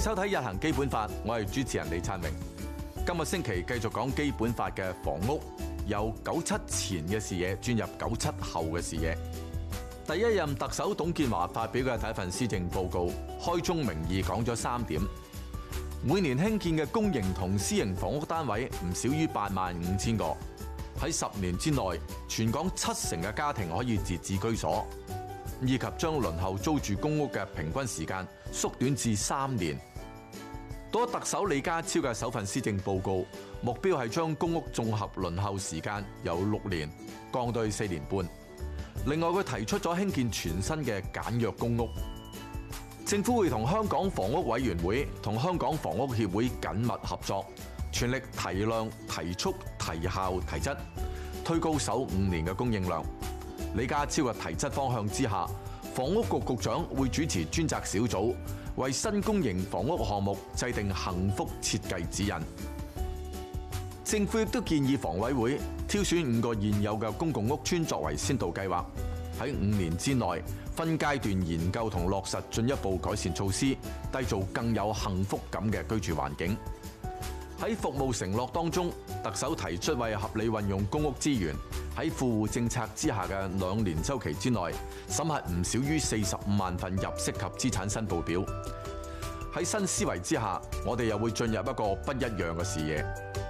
收睇《日行基本法》，我係主持人李燦榮。今日星期繼續講基本法嘅房屋，由九七前嘅視野轉入九七後嘅視野。第一任特首董建華發表嘅第一份施政報告，開宗明義講咗三點：每年興建嘅公營同私營房屋單位唔少於八萬五千個；喺十年之內，全港七成嘅家庭可以自置居所。以及將輪候租住公屋嘅平均時間縮短至三年。多特首李家超嘅首份施政報告，目標係將公屋綜合輪候時間由六年降到四年半。另外，佢提出咗興建全新嘅簡約公屋。政府會同香港房屋委員會同香港房屋協會緊密合作，全力提量、提速、提效、提質，推高首五年嘅供應量。李家超嘅提質方向之下，房屋局局長會主持專責小組，為新公營房屋項目制定幸福設計指引。政府亦都建議房委會挑選五個現有嘅公共屋邨作為先導計劃，喺五年之內分階段研究同落實進一步改善措施，締造更有幸福感嘅居住環境。喺服務承諾當中，特首提出為合理運用公屋資源，喺富戶政策之下嘅兩年周期之內審核唔少於四十五萬份入息及資產申報表。喺新思維之下，我哋又會進入一個不一樣嘅視野。